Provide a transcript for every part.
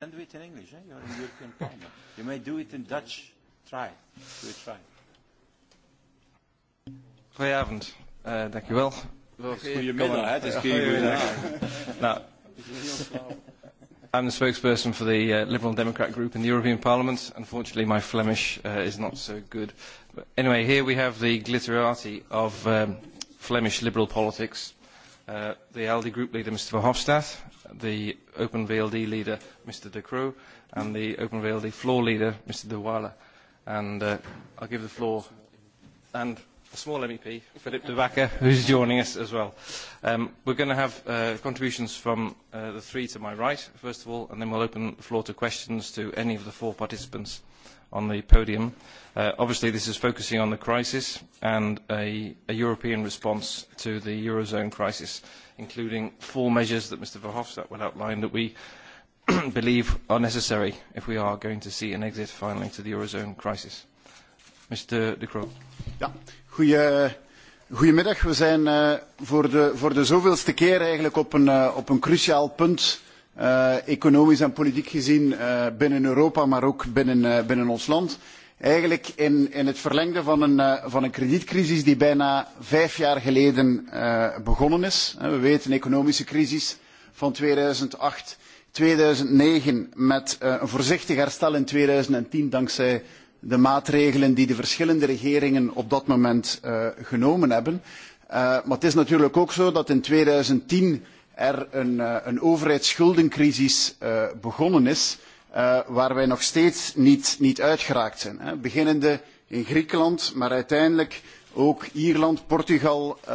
can do it in English. Eh? You're in the European Parliament. You may do it in Dutch. Try. Do it, try. Goedenavond. Uh, dank u wel. Goedemiddag. Het is goedemiddag. Nou, I'm the spokesperson for the uh, Liberal Democrat group in the European Parliament. Unfortunately, my Flemish uh, is not so good. But anyway, here we have the glitterati of um, Flemish liberal politics uh, the ALDE group leader, Mr Verhofstadt, the Open VLD leader, Mr De Croo, and the Open VLD floor leader, Mr De Waala. And uh, I'll give the floor and a small MEP, Philip De Backer, who's joining us as well. Um, we're going to have uh, contributions from uh, the three to my right, first of all, and then we'll open the floor to questions to any of the four participants on the podium. Uh, obviously, this is focusing on the crisis and a, a European response to the Eurozone crisis, including four measures that Mr Verhofstadt will outline that we believe are necessary if we are going to see an exit finally to the Eurozone crisis. Mr de Croo. Ja, goeie, goedemiddag. We zijn uh, voor, de, voor de zoveelste keer eigenlijk op een, uh, op een cruciaal punt uh, economisch en politiek gezien uh, binnen Europa, maar ook binnen, uh, binnen ons land. Eigenlijk in, in het verlengde van een, uh, van een kredietcrisis die bijna vijf jaar geleden uh, begonnen is. Uh, we weten een economische crisis van 2008, 2009 met uh, een voorzichtig herstel in 2010 dankzij de maatregelen die de verschillende regeringen op dat moment uh, genomen hebben. Uh, maar het is natuurlijk ook zo dat in 2010 er een, uh, een overheidsschuldencrisis uh, begonnen is, uh, waar wij nog steeds niet, niet uitgeraakt zijn. Hè. Beginnende in Griekenland, maar uiteindelijk ook Ierland, Portugal um,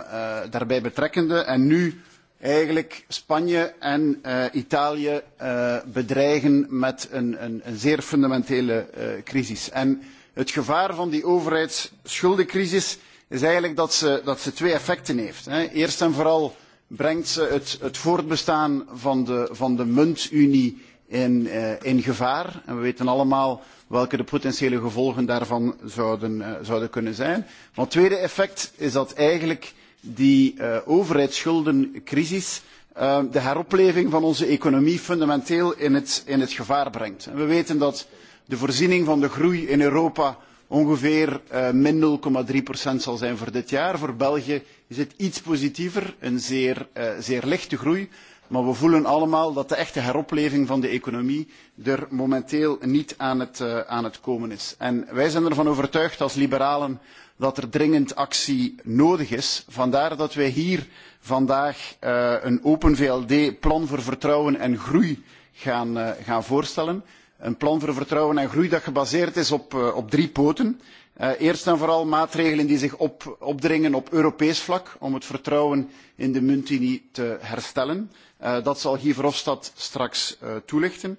uh, daarbij betrekkende en nu eigenlijk Spanje en uh, Italië uh, bedreigen met een, een, een zeer fundamentele uh, crisis. En het gevaar van die overheidsschuldencrisis is eigenlijk dat ze, dat ze twee effecten heeft. Hè. Eerst en vooral uh, brengt het, het voortbestaan van de, van de muntunie in, uh, in gevaar. En we weten allemaal welke de potentiële gevolgen daarvan zouden, uh, zouden kunnen zijn. Maar het tweede effect is dat eigenlijk die uh, overheidsschuldencrisis uh, de heropleving van onze economie fundamenteel in het, in het gevaar brengt. En we weten dat de voorziening van de groei in Europa ongeveer uh, min 0,3% zal zijn voor dit jaar. Voor België is het iets positiever, een zeer, uh, zeer lichte groei. Maar we voelen allemaal dat de echte heropleving van de economie er momenteel niet aan het, uh, aan het komen is. En wij zijn ervan overtuigd als liberalen dat er dringend actie nodig is. Vandaar dat wij hier vandaag uh, een open VLD plan voor vertrouwen en groei gaan, uh, gaan voorstellen. Een plan voor vertrouwen en groei dat gebaseerd is op, uh, op drie poten. Uh, eerst en vooral maatregelen die zich op, opdringen op Europees vlak om het vertrouwen in de muntunie te herstellen. Uh, dat zal Guy Verhofstadt straks uh, toelichten.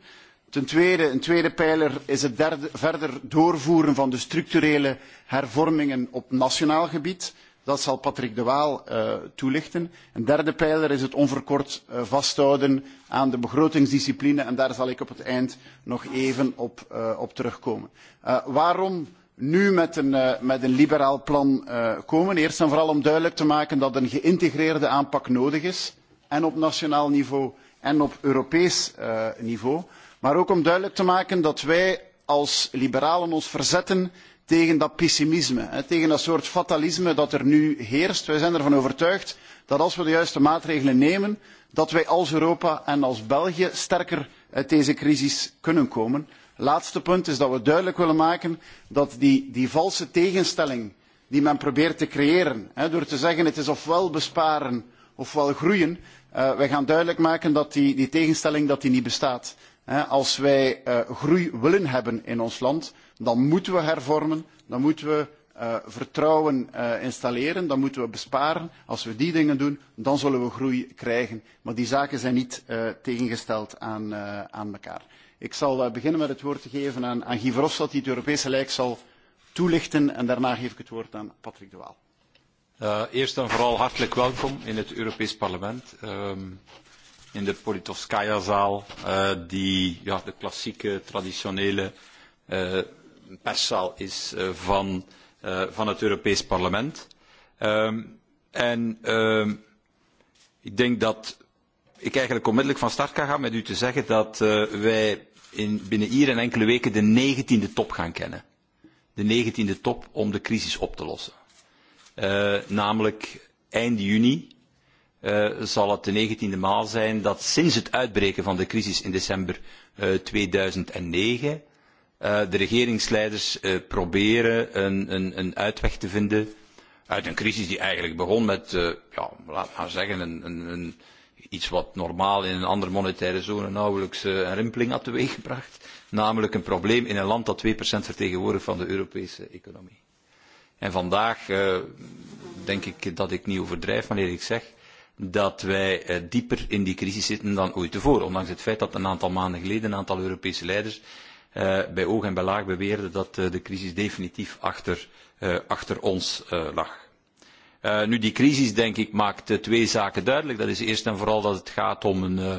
Ten tweede, een tweede pijler is het derde, verder doorvoeren van de structurele hervormingen op nationaal gebied. Dat zal Patrick de Waal uh, toelichten. Een derde pijler is het onverkort uh, vasthouden aan de begrotingsdiscipline. En daar zal ik op het eind nog even op, uh, op terugkomen. Uh, waarom nu met een, uh, met een liberaal plan uh, komen. Eerst en vooral om duidelijk te maken dat een geïntegreerde aanpak nodig is. En op nationaal niveau en op Europees uh, niveau. Maar ook om duidelijk te maken dat wij als liberalen ons verzetten tegen dat pessimisme, hè, tegen dat soort fatalisme dat er nu heerst. Wij zijn ervan overtuigd dat als we de juiste maatregelen nemen, dat wij als Europa en als België sterker uit deze crisis kunnen komen laatste punt is dat we duidelijk willen maken dat die, die valse tegenstelling die men probeert te creëren hè, door te zeggen het is ofwel besparen ofwel groeien, uh, eh, wij gaan duidelijk maken dat die, die tegenstelling dat die niet bestaat. Hè. Als wij uh, groei willen hebben in ons land, dan moeten we hervormen, dan moeten we uh, vertrouwen uh, installeren, dan moeten we besparen. Als we die dingen doen, dan zullen we groei krijgen. Maar die zaken zijn niet uh, tegengesteld aan, uh, aan elkaar. Ik zal uh, beginnen met het woord te geven aan, aan Guy Verhofstadt, die het Europese lijk zal toelichten. En daarna geef ik het woord aan Patrick de Waal. Uh, eerst en vooral hartelijk welkom in het Europees Parlement. Um, in de Politovskaya-zaal, uh, die ja, de klassieke, traditionele uh, perszaal is uh, van, uh, van het Europees Parlement. Um, en um, ik denk dat ik eigenlijk onmiddellijk van start kan gaan met u te zeggen dat uh, wij in, binnen hier en enkele weken de negentiende top gaan kennen. De negentiende top om de crisis op te lossen. Uh, namelijk eind juni uh, zal het de negentiende maal zijn dat sinds het uitbreken van de crisis in december uh, 2009 uh, de regeringsleiders uh, proberen een, een, een uitweg te vinden uit een crisis die eigenlijk begon met, uh, ja, laat maar zeggen, een, een, een, iets wat normaal in een andere monetaire zone nauwelijks uh, een rimpeling had teweeggebracht. Namelijk een probleem in een land dat 2% vertegenwoordigt van de Europese economie. En vandaag uh, denk ik dat ik niet overdrijf wanneer ik zeg dat wij uh, dieper in die crisis zitten dan ooit tevoren. Ondanks het feit dat een aantal maanden geleden een aantal Europese leiders uh, bij oog en bij laag beweerden dat uh, de crisis definitief achter, uh, achter ons uh, lag. Uh, nu, die crisis, denk ik, maakt uh, twee zaken duidelijk. Dat is eerst en vooral dat het gaat om een, uh,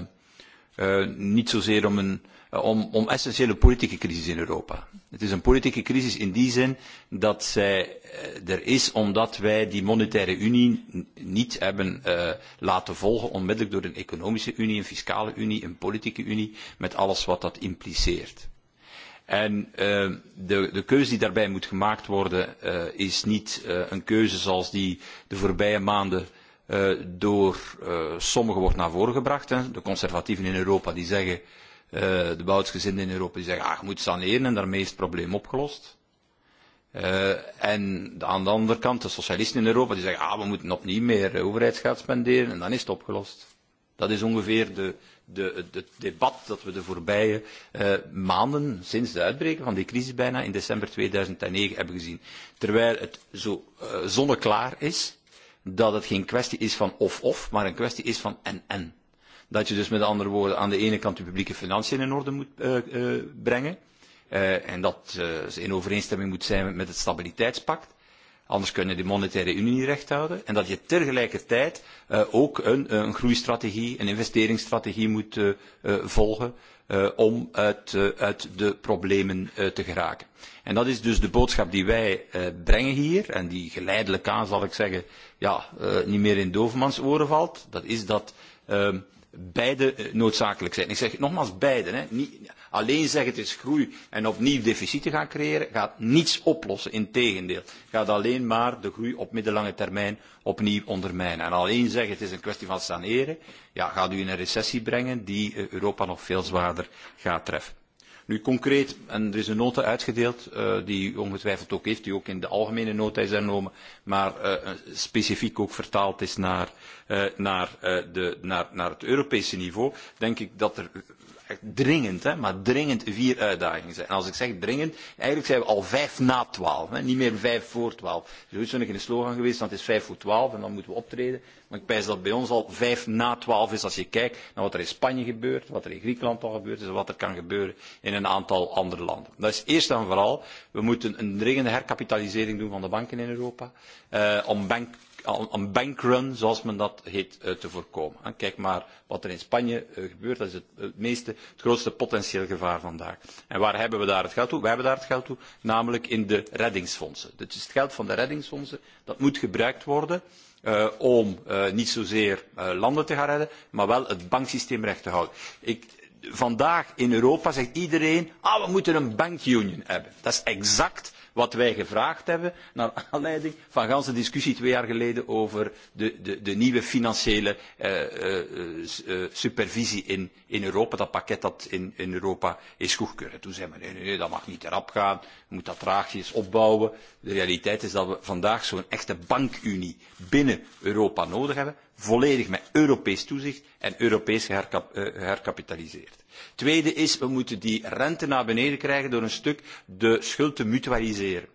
uh, niet zozeer om een, uh, om, om essentiële politieke crisis in Europa. Het is een politieke crisis in die zin dat zij uh, er is omdat wij die monetaire unie niet hebben uh, laten volgen onmiddellijk door een economische unie, een fiscale unie, een politieke unie, met alles wat dat impliceert. En uh, de, de keuze die daarbij moet gemaakt worden uh, is niet uh, een keuze zoals die de voorbije maanden uh, door uh, sommigen wordt naar voren gebracht. Hè. De conservatieven in Europa die zeggen, uh, de bouwtsgezinden in Europa die zeggen, ah, je moet saneren en daarmee is het probleem opgelost. Uh, en de, aan de andere kant de socialisten in Europa die zeggen, ah, we moeten opnieuw meer overheidsgeld spenderen en dan is het opgelost. Dat is ongeveer de, uh, de, het debat dat we de voorbije uh, maanden sinds het uitbreken van die crisis bijna in december 2009 hebben gezien. Terwijl het zo uh, zonneklaar is dat het geen kwestie is van of-of, maar een kwestie is van en-en. Dat je dus met andere woorden aan de ene kant de publieke financiën in orde moet uh, uh, brengen. Uh, en dat uh, ze in overeenstemming moet zijn met het stabiliteitspact Anders kun je de monetaire unie niet recht houden. En dat je tegelijkertijd uh, ook een, eh, een groeistrategie, een investeringsstrategie moet uh, uh, volgen uh, om uit, uh, uit de problemen uh, te geraken. En dat is dus de boodschap die wij uh, brengen hier en die geleidelijk aan, zal ik zeggen, ja, uh, niet meer in Dovermans oren valt. Dat is dat uh, beide noodzakelijk zijn. Ik zeg nogmaals beide. Hè. Niet, Alleen zeggen het is groei en opnieuw deficieten gaan creëren gaat niets oplossen. Integendeel, gaat alleen maar de groei op middellange termijn opnieuw ondermijnen. En alleen zeggen het is een kwestie van saneren, ja, gaat u in een recessie brengen die eh, Europa nog veel zwaarder gaat treffen. Nu concreet, en er is een nota uitgedeeld uh, die u ongetwijfeld ook heeft, die ook in de algemene nota is hernomen, maar uh, specifiek ook vertaald is naar, uh, naar, uh, de, naar, naar het Europese niveau, denk ik dat er echt dringend, hè, maar dringend vier uitdagingen zijn. En als ik zeg dringend, eigenlijk zijn we al vijf na twaalf, hè, niet meer vijf voor twaalf. Er is ooit een slogan geweest, want het is vijf voor twaalf en dan moeten we optreden. Maar ik pijs dat bij ons al vijf na twaalf is als je kijkt naar wat er in Spanje gebeurt, wat er in Griekenland al gebeurd is en wat er kan gebeuren in een aantal andere landen. Dat is eerst en vooral, we moeten een dringende herkapitalisering doen van de banken in Europa, eh, om bank aan bankrun, zoals men dat heet, eh, te voorkomen. Kijk maar wat er in Spanje eh, gebeurt. Dat is het, het, meeste, het grootste potentieel gevaar vandaag. En waar hebben we daar het geld toe? We hebben daar het geld toe, namelijk in de reddingsfondsen. Dit is het geld van de reddingsfondsen. Dat moet gebruikt worden uh, om uh, niet zozeer uh, landen te gaan redden, maar wel het banksysteem recht te houden. Ik, vandaag in Europa zegt iedereen, ah, we moeten een bankunion hebben. Dat is exact Wat wij gevraagd hebben, naar aanleiding van ganse discussie twee jaar geleden over de, de, de nieuwe financiële uh, uh, uh, supervisie in, in Europa, dat pakket dat in, in Europa is goedgekeurd. Toen zeiden we, nee, nee, dat mag niet erop gaan, we moeten dat traagjes opbouwen. De realiteit is dat we vandaag zo'n echte bankunie binnen Europa nodig hebben, volledig met Europees toezicht en Europees geherkap, uh, eh, geherkapitaliseerd. Tweede is, we moeten die rente naar beneden krijgen door een stuk de schuld te mutualiseren.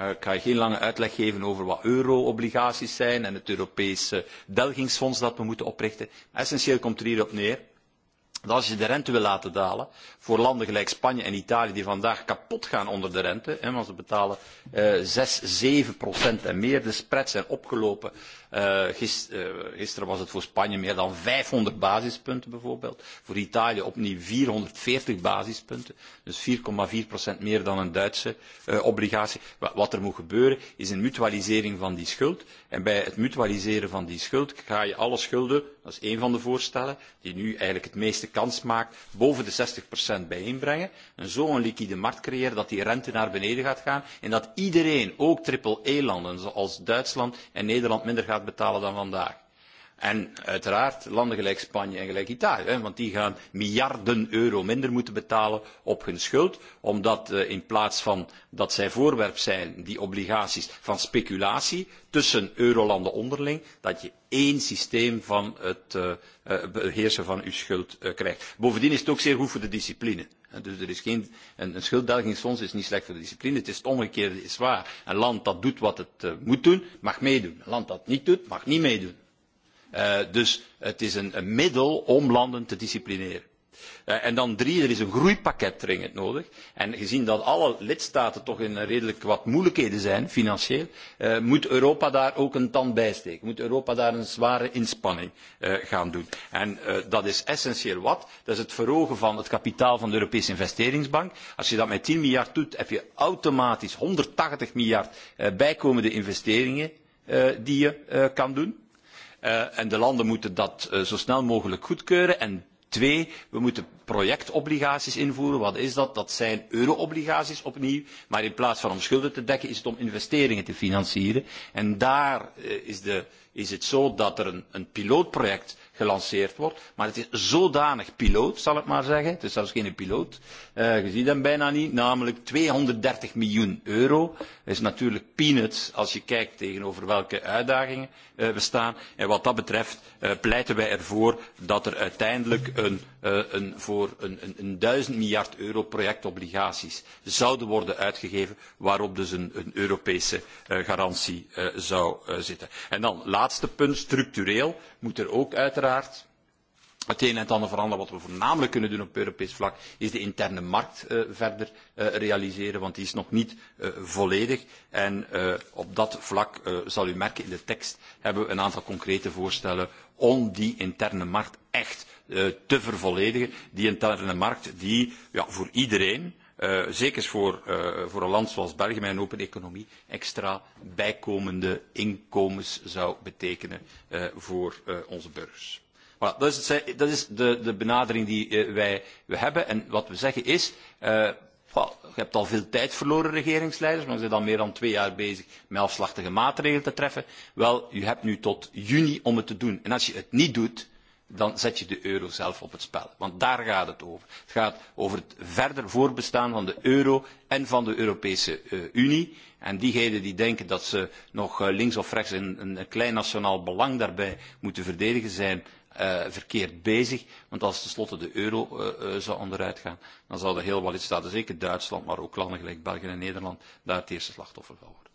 Uh, ik ga geen lange uitleg geven over wat euro-obligaties zijn en het Europese delgingsfonds dat we moeten oprichten. Essentieel komt er hierop neer dat als je de rente wil laten dalen voor landen gelijk Spanje en Italië die vandaag kapot gaan onder de rente, hè, want ze betalen eh, 6, 7 procent en meer, de spreads zijn opgelopen Uh, eh, gister, uh, gisteren was het voor Spanje meer dan 500 basispunten bijvoorbeeld. Voor Italië opnieuw 440 basispunten. Dus 4,4% meer dan een Duitse uh, obligatie. Wat er moet gebeuren is een mutualisering van die schuld. En bij het mutualiseren van die schuld ga je alle schulden, dat is één van de voorstellen, die nu eigenlijk het meeste kans maakt, boven de 60% bijeenbrengen. En zo een liquide markt creëren dat die rente naar beneden gaat gaan. En dat iedereen, ook triple E-landen zoals Duitsland en Nederland, minder gaat gaat betalen dan vandaag. En uiteraard landen gelijk Spanje en gelijk Italië, hè, want die gaan miljarden euro minder moeten betalen op hun schuld, omdat uh, in plaats van dat zij voorwerp zijn, die obligaties, van speculatie tussen eurolanden onderling, dat je één systeem van het uh, beheersen van uw schuld uh, krijgt. Bovendien is het ook zeer goed voor de discipline. Dus er is geen, een, een schulddelgingsfonds is niet slecht voor de discipline. Het is het omgekeerde is waar. Een land dat doet wat het uh, moet doen, mag meedoen. Een land dat niet doet, mag niet meedoen. Uh, dus het is een, een middel om landen te disciplineren. Uh, en dan drie, er is een groeipakket dringend nodig. En gezien dat alle lidstaten toch in redelijk wat moeilijkheden zijn, financieel, uh, moet Europa daar ook een tand bij steken. Moet Europa daar een zware inspanning uh, gaan doen. En uh, dat is essentieel wat? Dat is het verhogen van het kapitaal van de Europese investeringsbank. Als je dat met 10 miljard doet, heb je automatisch 180 miljard uh, bijkomende investeringen uh, die je uh, kan doen. Uh, en de landen moeten dat uh, zo snel mogelijk goedkeuren. En twee we moeten projectobligaties invoeren. Wat is dat? Dat zijn euro-obligaties opnieuw. Maar in plaats van om schulden te dekken is het om investeringen te financieren. En daar uh, is, de, is het zo dat er een, een pilootproject gelanceerd wordt. Maar het is zodanig piloot, zal ik maar zeggen. Het is zelfs geen piloot. Uh, je ziet hem bijna niet. Namelijk 230 miljoen euro. Dat is natuurlijk peanuts als je kijkt tegenover welke uitdagingen uh, we staan. En wat dat betreft uh, pleiten wij ervoor dat er uiteindelijk een uh, een, voor een, een, een 1000 miljard euro projectobligaties zouden worden uitgegeven, waarop dus een, een Europese uh, garantie uh, zou uh, zitten. En dan, laatste punt, structureel moet er ook uiteraard het een en het ander veranderen. Wat we voornamelijk kunnen doen op Europees vlak is de interne markt uh, verder uh, realiseren, want die is nog niet uh, volledig. En uh, op dat vlak, uh, zal u merken in de tekst, hebben we een aantal concrete voorstellen om die interne markt echt uh, te vervolledigen. Die interne markt die ja, voor iedereen, uh, zeker voor, uh, voor een land zoals België met een open economie, extra bijkomende inkomens zou betekenen uh, voor uh, onze burgers. Voilà, dat is, het, dat is de, de benadering die uh, wij we hebben. En wat we zeggen is, uh, well, je hebt al veel tijd verloren, regeringsleiders, maar we zijn al meer dan twee jaar bezig met afslachtige maatregelen te treffen. Wel, je hebt nu tot juni om het te doen. En als je het niet doet, dan zet je de euro zelf op het spel. Want daar gaat het over. Het gaat over het verder voortbestaan van de euro en van de Europese uh, Unie. En diegenen die denken dat ze nog uh, links of rechts een, een klein nationaal belang daarbij moeten verdedigen, zijn uh, verkeerd bezig. Want als tenslotte de euro uh, uh, zou onderuit gaan, dan zouden er heel wat lidstaten, zeker Duitsland, maar ook landen gelijk België en Nederland, daar het eerste slachtoffer van worden.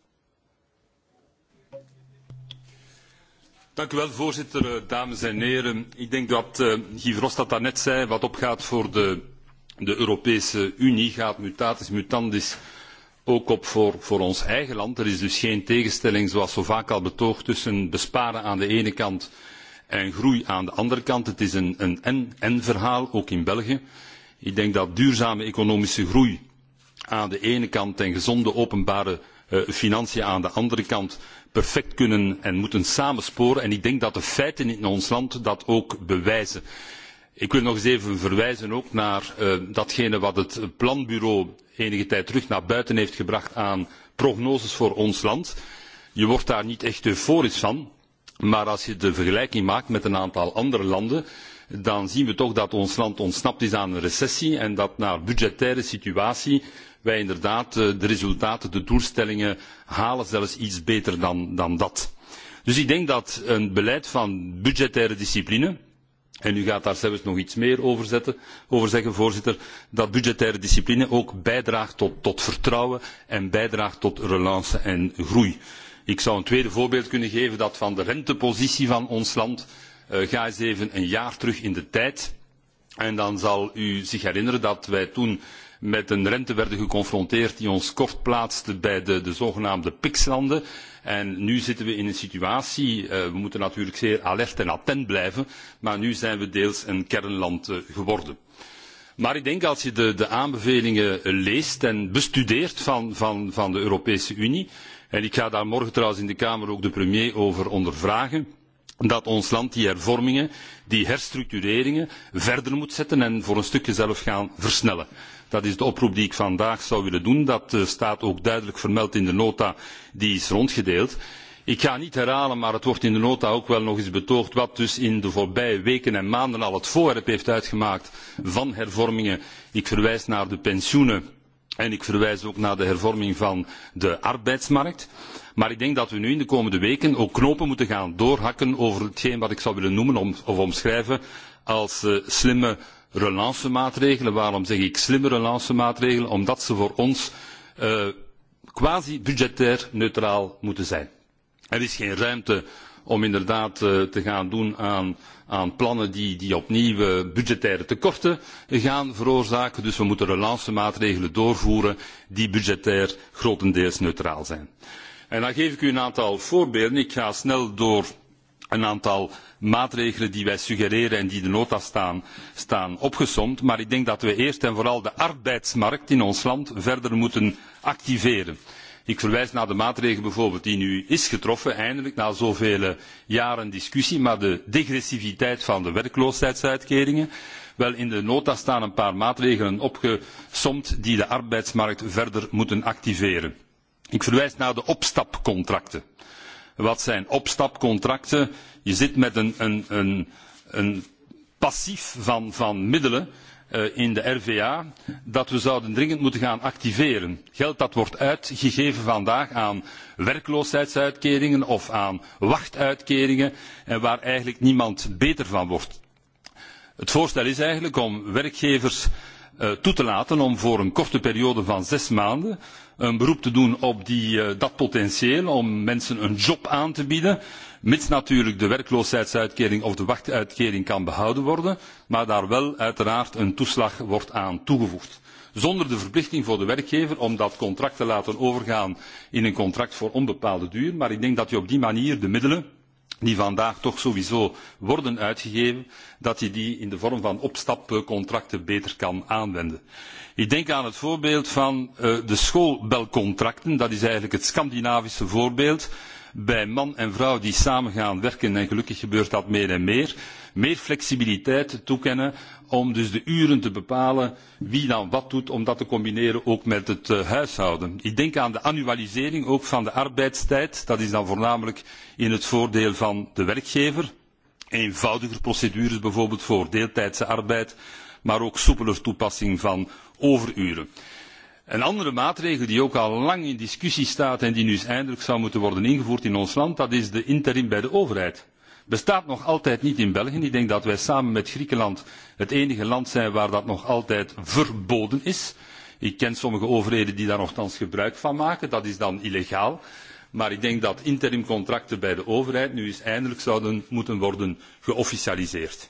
Dank u wel, voorzitter. Eh, dames en heren, ik denk dat uh, Guy Verhofstadt daarnet zei, wat opgaat voor de, de Europese Unie gaat mutatis mutandis ook op voor, voor ons eigen land. Er is dus geen tegenstelling, zoals zo vaak al betoogd, tussen besparen aan de ene kant en groei aan de andere kant. Het is een, een en-en verhaal, ook in België. Ik denk dat duurzame economische groei aan de ene kant en gezonde openbare uh, financiën aan de andere kant perfect kunnen en moeten samensporen. En ik denk dat de feiten in ons land dat ook bewijzen. Ik wil nog eens even verwijzen ook naar uh, datgene wat het planbureau enige tijd terug naar buiten heeft gebracht aan prognoses voor ons land. Je wordt daar niet echt euforisch van, maar als je de vergelijking maakt met een aantal andere landen, dan zien we toch dat ons land ontsnapt is aan een recessie en dat naar budgettaire situatie wij inderdaad eh, de resultaten, de doelstellingen halen, zelfs iets beter dan, dan dat. Dus ik denk dat een beleid van budgettaire discipline, en u gaat daar zelfs nog iets meer over, zetten, over zeggen voorzitter dat budgettaire discipline ook bijdraagt tot, tot vertrouwen en bijdraagt tot relance en groei. ik zou een tweede voorbeeld kunnen geven dat van de rentepositie van ons land. Uh, ga eens even een jaar terug in de tijd. En dan zal u zich herinneren dat wij toen met een rente werden geconfronteerd die ons kort plaatste bij de, de zogenaamde PIX-landen. En nu zitten we in een situatie, uh, we moeten natuurlijk zeer alert en attent blijven, maar nu zijn we deels een kernland uh, geworden. Maar ik denk als je de, de aanbevelingen leest en bestudeert van, van, van de Europese Unie, en ik ga daar morgen trouwens in de Kamer ook de premier over ondervragen, dat ons land die hervormingen, die herstructureringen verder moet zetten en voor een stukje zelf gaan versnellen. Dat is de oproep die ik vandaag zou willen doen. Dat uh, staat ook duidelijk vermeld in de nota die is rondgedeeld. Ik ga niet herhalen, maar het wordt in de nota ook wel nog eens betoogd wat dus in de voorbije weken en maanden al het voorwerp heeft uitgemaakt van hervormingen. Ik verwijs naar de pensioenen En ik verwijs ook naar de hervorming van de arbeidsmarkt. Maar ik denk dat we nu in de komende weken ook knopen moeten gaan doorhakken over hetgeen wat ik zou willen noemen om, of omschrijven als uh, slimme relancemaatregelen. Waarom zeg ik slimme relancemaatregelen? Omdat ze voor ons uh, eh, quasi budgetair neutraal moeten zijn. Er is geen ruimte om inderdaad eh, te gaan doen aan, aan plannen die, die opnieuw budgettaire tekorten gaan veroorzaken. Dus we moeten relancemaatregelen doorvoeren die budgettair grotendeels neutraal zijn. En dan geef ik u een aantal voorbeelden. Ik ga snel door een aantal maatregelen die wij suggereren en die in de nota staan, staan opgesomd. Maar ik denk dat we eerst en vooral de arbeidsmarkt in ons land verder moeten activeren. Ik verwijs naar de maatregel bijvoorbeeld die nu is getroffen, eindelijk na zoveel eh, jaren discussie, maar de degressiviteit van de werkloosheidsuitkeringen. Wel, in de nota staan een paar maatregelen opgesomd die de arbeidsmarkt verder moeten activeren. Ik verwijs naar de opstapcontracten. Wat zijn opstapcontracten? Je zit met een, een, een, een passief van, van middelen Eh, in de rva dat we zouden dringend moeten gaan activeren. geld dat wordt uitgegeven vandaag aan werkloosheidsuitkeringen of aan wachtuitkeringen en eh, waar eigenlijk niemand beter van wordt. het voorstel is eigenlijk om werkgevers eh, toe te laten om voor een korte periode van zes maanden een beroep te doen op die, dat potentieel om mensen een job aan te bieden mits natuurlijk de werkloosheidsuitkering of de wachtuitkering kan behouden worden, maar daar wel uiteraard een toeslag wordt aan toegevoegd. Zonder de verplichting voor de werkgever om dat contract te laten overgaan in een contract voor onbepaalde duur, maar ik denk dat je op die manier de middelen die vandaag toch sowieso worden uitgegeven, dat je die in de vorm van opstapcontracten beter kan aanwenden. Ik denk aan het voorbeeld van uh, de schoolbelcontracten, dat is eigenlijk het Scandinavische voorbeeld bij man en vrouw die samen gaan werken en gelukkig gebeurt dat meer en meer meer flexibiliteit toekennen om dus de uren te bepalen wie dan wat doet om dat te combineren ook met het uh, huishouden. Ik denk aan de annualisering ook van de arbeidstijd. Dat is dan voornamelijk in het voordeel van de werkgever. Eenvoudiger procedures bijvoorbeeld voor deeltijdse arbeid, maar ook soepeler toepassing van overuren. Een andere maatregel die ook al lang in discussie staat en die nu eens eindelijk zou moeten worden ingevoerd in ons land, dat is de interim bij de overheid. Bestaat nog altijd niet in België. Ik denk dat wij samen met Griekenland het enige land zijn waar dat nog altijd verboden is. Ik ken sommige overheden die daar nogthans gebruik van maken. Dat is dan illegaal. Maar ik denk dat interimcontracten bij de overheid nu eens eindelijk zouden moeten worden geofficialiseerd.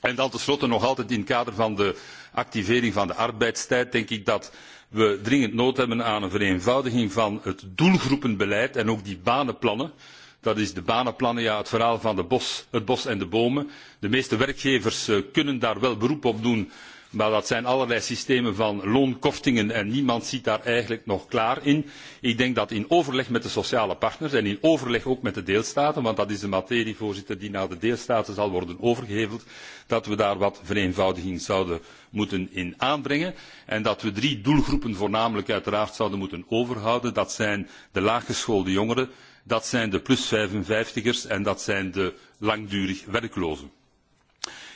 En dan tenslotte nog altijd in het kader van de activering van de arbeidstijd denk ik dat we dringend nood hebben aan een vereenvoudiging van het doelgroepenbeleid en ook die banenplannen. Dat is de banenplannen, ja, het verhaal van de bos, het bos en de bomen. De meeste werkgevers uh, kunnen daar wel beroep op doen maar dat zijn allerlei systemen van loonkortingen en niemand ziet daar eigenlijk nog klaar in. ik denk dat in overleg met de sociale partners en in overleg ook met de deelstaten want dat is een materie voorzitter die naar de deelstaten zal worden overgeheveld dat we daar wat vereenvoudiging zouden moeten in aanbrengen en dat we drie doelgroepen voornamelijk uiteraard zouden moeten overhouden dat zijn de laaggeschoolde jongeren dat zijn de plus vijfenvijftig ers en dat zijn de langdurig werklozen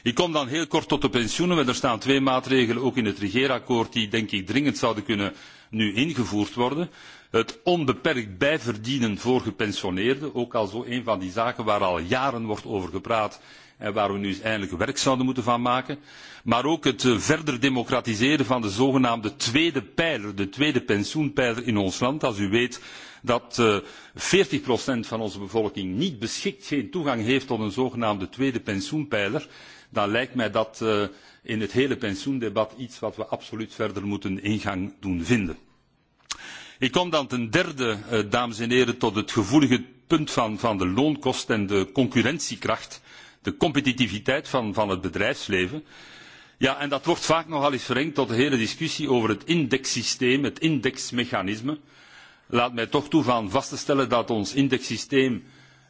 ik kom dan heel kort tot de pensioenen want er staan twee maatregelen ook in het regeerakkoord die denk ik dringend zouden kunnen nu ingevoerd worden het onbeperkt bijverdienen voor gepensioneerden ook al zo een van die zaken waar al jaren wordt over gepraat en waar we nu eindelijk werk zouden moeten van maken maar ook het eh, verder democratiseren van de zogenaamde tweede pijler de tweede pensioenpijler in ons land als u weet dat eh, veertig procent van onze bevolking niet beschikt geen toegang heeft tot een zogenaamde tweede pensioenpijler dan lijkt mij dat uh, in het hele pensioendebat iets wat we absoluut verder moeten ingang doen vinden. Ik kom dan ten derde, uh, dames en heren, tot het gevoelige punt van, van de loonkost en de concurrentiekracht, de competitiviteit van, van het bedrijfsleven. Ja, en dat wordt vaak nogal eens verengd tot de hele discussie over het indexsysteem, het indexmechanisme. Laat mij toch toegaan vast te stellen dat ons indexsysteem